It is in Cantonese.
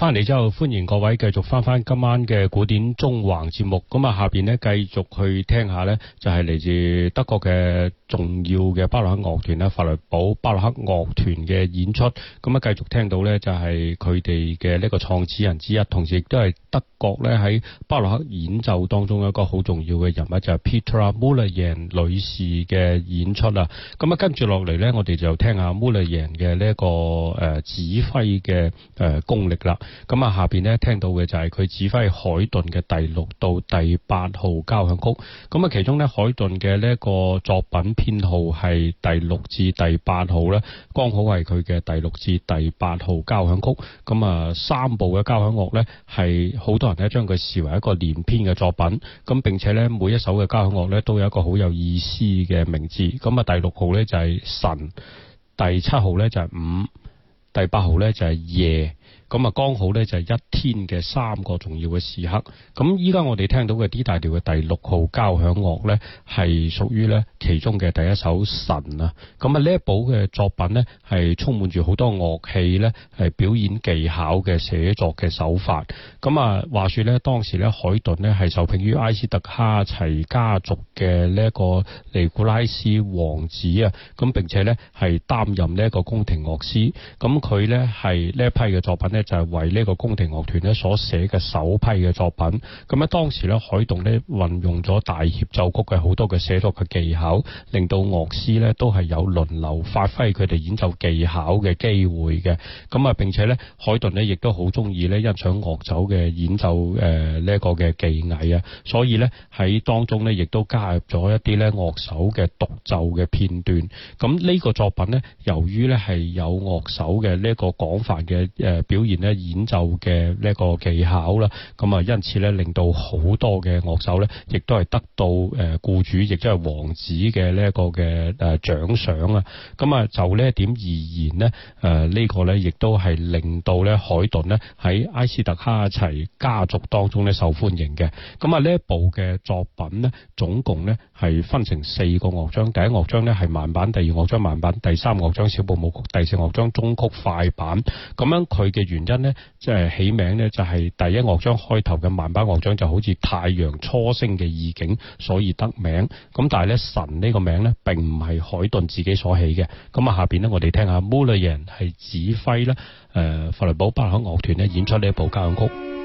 翻嚟之後，歡迎各位繼續翻翻今晚嘅古典中橫節目。咁啊，下邊咧繼續去聽下咧，就係嚟自德國嘅重要嘅巴洛克樂團啦，法雷堡巴洛克樂團嘅演出。咁啊，繼續聽到咧就係佢哋嘅呢個創始人之一，同時亦都係德國咧喺巴洛克演奏當中一個好重要嘅人物，就係、是、Petra Müllejans 女士嘅演出啦。咁啊，跟住落嚟咧，我哋就聽下 Müllejans 嘅呢一個誒指揮嘅誒功力啦。咁啊，下邊咧聽到嘅就係佢指揮海頓嘅第六到第八號交響曲。咁啊，其中咧海頓嘅呢一個作品編號係第六至第八號咧，剛好係佢嘅第六至第八號交響曲。咁啊，三部嘅交響樂咧係好多人咧將佢視為一個連篇嘅作品。咁並且咧每一首嘅交響樂咧都有一個好有意思嘅名字。咁啊，第六號咧就係晨，第七號咧就係午，第八號咧就係夜。咁啊，剛好咧就係一天嘅三個重要嘅時刻。咁依家我哋聽到嘅 D 大調嘅第六號交響樂咧，係屬於咧其中嘅第一首神啊。咁啊，呢一部嘅作品咧係充滿住好多樂器咧係表演技巧嘅寫作嘅手法。咁啊，話說咧當時咧海頓咧係受聘於埃斯特哈齊家族嘅呢一個尼古拉斯王子啊，咁並且咧係擔任呢一個宮廷樂師，咁佢咧係呢一批嘅作品咧。就係為呢個宮廷樂團咧所寫嘅首批嘅作品，咁咧當時咧，海頓咧運用咗大協奏曲嘅好多嘅寫作嘅技巧，令到樂師咧都係有輪流發揮佢哋演奏技巧嘅機會嘅。咁啊，並且咧，海頓咧亦都好中意咧欣賞樂手嘅演奏誒呢一個嘅技藝啊，所以咧喺當中咧亦都加入咗一啲咧樂手嘅獨奏嘅片段。咁呢個作品咧，由於咧係有樂手嘅呢一個廣泛嘅誒表現。演奏嘅呢個技巧啦，咁啊，因此咧令到好多嘅樂手咧， 呃這個、亦都係得到誒僱主亦都係王子嘅呢一個嘅誒獎賞啊！咁啊，就呢一點而言咧，誒呢個咧亦都係令到咧海頓咧喺埃斯特哈齊家族當中咧受歡迎嘅。咁啊，呢一部嘅作品咧，總共咧係分成四個樂章，第一樂章咧係慢板，第二樂章慢板，第三樂章小步舞曲，第四樂章中曲快板。咁樣佢嘅原原因呢，即係起名呢，就係、是、第一樂章開頭嘅慢板樂章就好似太陽初升嘅意境，所以得名。咁但係咧，神呢個名呢，並唔係海頓自己所起嘅。咁、嗯、啊，下邊呢，我哋聽下穆里耶人係指揮咧，誒、呃，佛萊堡巴洛克樂團咧，演出呢一部交響曲。